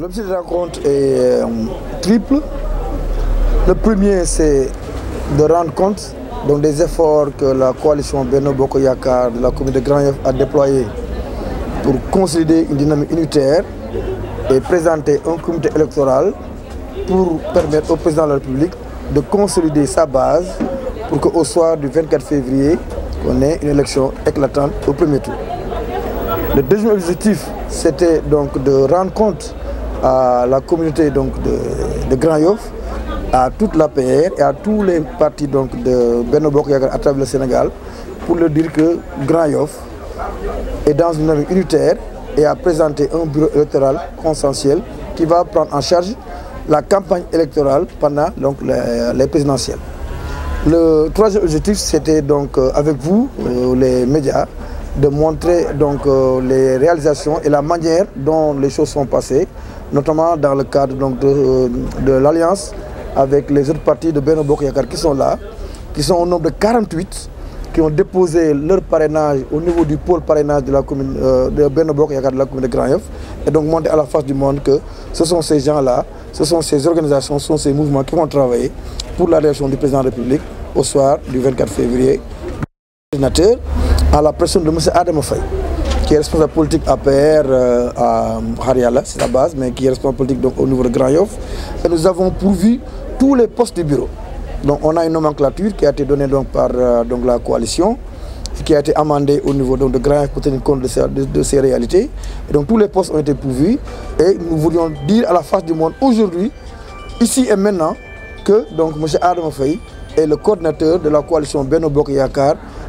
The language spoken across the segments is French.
L'objectif de la rencontre est euh, triple. Le premier, c'est de rendre compte donc, des efforts que la coalition Beno Bokoyakar de la commune de Grand a déployés pour consolider une dynamique unitaire et présenter un comité électoral pour permettre au président de la République de consolider sa base pour qu'au soir du 24 février, on ait une élection éclatante au premier tour. Le deuxième objectif, c'était donc de rendre compte à la communauté de, de Grand Yoff, à toute la PR et à tous les partis donc, de Benobok à travers le Sénégal pour leur dire que Grand Yoff est dans une œuvre unitaire et a présenté un bureau électoral consensuel qui va prendre en charge la campagne électorale pendant donc, les, présidentielles. Le troisième objectif, c'était donc euh, avec vous, euh, les médias, de montrer donc euh, les réalisations et la manière dont les choses sont passées notamment dans le cadre euh, de, l'alliance avec les autres partis de Benobok Yakar qui sont là, qui sont au nombre de 48, qui ont déposé leur parrainage au niveau du pôle parrainage de la commune euh, de benobok Yakar la commune de Grand et donc montrer à la face du monde que ce sont ces gens-là, ce sont ces organisations, ce sont ces mouvements qui vont travailler pour la réaction du président de la République au soir du 24 février, à la pression de M. Adam qui est responsable politique APR euh, à euh, Hariala, c'est la base, mais qui est responsable politique donc, au niveau de Grand Yoff. Et nous avons pourvu tous les postes du bureau. Donc on a une nomenclature qui a été donnée donc, par euh, donc, la coalition qui a été amendée au niveau de Grand pour tenir compte de ces, réalités. Et donc tous les postes ont été pourvus et nous voulions dire à la face du monde aujourd'hui, ici et maintenant, que donc, M. Adam Faye est le coordinateur de la coalition Benno Bok Yakar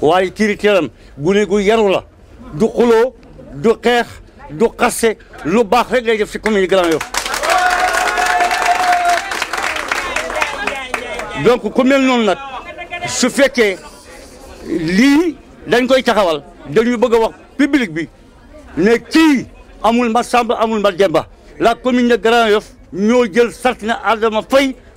waaye curriculum gune gu yaru la du xuloo du xeex du xaste lu baax rek lay def ci commune Grand Yoff donc ku mel noonu nag su fekkee lii dañ koy taxawal dañu bëgg a wax public bi ne kii amul ma samb amul ma Demba la commune de Grand Yoff ñoo jël Sartina Adama Faye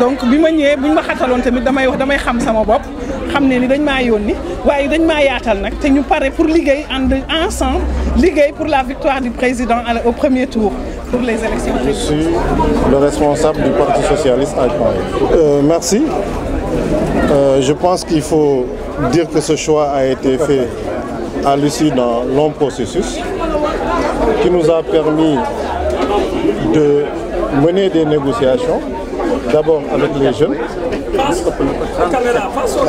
donc bi ma ñëwee buñ ma xatalon tamit damay wax damay xam sama bopp xam ne ni dañ maa yónni waaye dañ maa yaatal nag te ñu pare pour liggéey ànd ensemble liggéey pour la victoire du président au premier tour pour les élections. Je suis le responsable du Parti socialiste à Euh, merci. Euh, je pense qu'il faut dire que ce choix a été fait à l'issue d'un long processus qui nous a permis de mener des négociations d'abord avec les jeunes,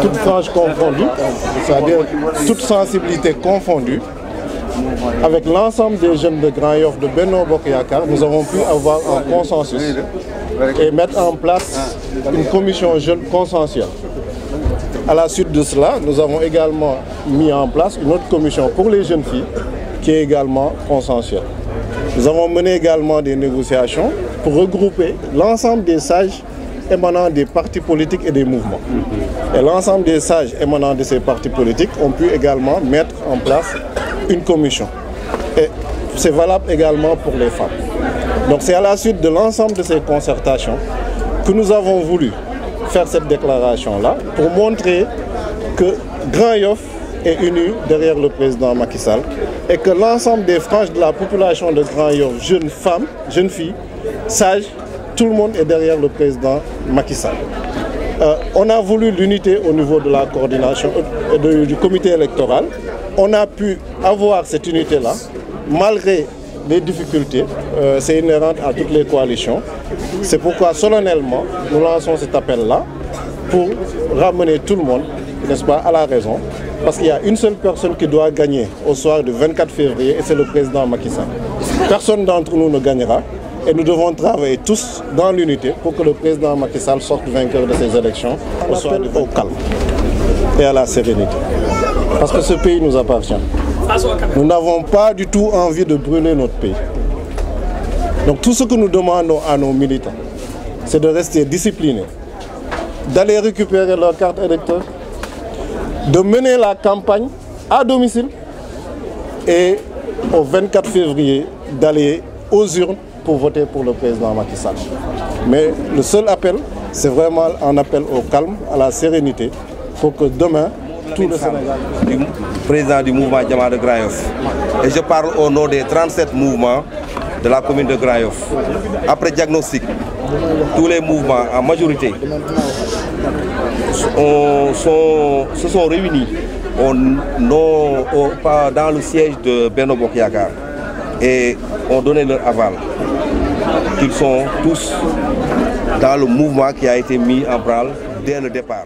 toute frange confondue, c'est-à-dire toute sensibilité confondue. avec l'ensemble des jeunes de Grand Yoff de Beno bokyaka nous avons pu avoir un consensus et mettre en place une commission jeune consensuelle. À la suite de cela, nous avons également mis en place une autre commission pour les jeunes filles qui est également consensuelle. Nous avons mené également des négociations pour regrouper l'ensemble des sages émanant des partis politiques et des mouvements. Et l'ensemble des sages émanant de ces partis politiques ont pu également mettre en place une commission. Et c'est valable également pour les femmes. Donc c'est à la suite de l'ensemble de ces concertations que nous avons voulu faire cette déclaration-là pour montrer que Grand Yoff est unie derrière le président Macky Sall et que l'ensemble des franges de la population de Grand Yor, jeunes femmes, jeunes filles, sages, tout le monde est derrière le président Macky Sall. Euh, on a voulu l'unité au niveau de la coordination euh, du comité électoral. On a pu avoir cette unité-là malgré les difficultés. Euh, c'est inhérent à toutes les coalitions. C'est pourquoi solennellement, nous lançons cet appel-là pour ramener tout le monde, n'est-ce pas, à la raison parce qu'il y a une seule personne qui doit gagner au soir du 24 février et c'est le président Macky Sall. Personne d'entre nous ne gagnera et nous devons travailler tous dans l'unité pour que le président Macky Sall sorte vainqueur de ces élections au soir du calme et à la sérénité. Parce que ce pays nous appartient. Nous n'avons pas du tout envie de brûler notre pays. Donc tout ce que nous demandons à nos militants, c'est de rester disciplinés, d'aller récupérer leur carte électorale de mener la campagne à domicile et au 24 février d'aller aux urnes pour voter pour le président Macky Mais le seul appel, c'est vraiment un appel au calme, à la sérénité, pour que demain, tout le Sénégal... Du président du mouvement Diamant de Grayoff. Et je parle au nom des 37 mouvements de la commune de Grayoff. Après diagnostic, tous les mouvements en majorité on se sont réunis dans le siège de Benoît et ont donné leur aval. Ils sont tous dans le mouvement qui a été mis en branle dès le départ.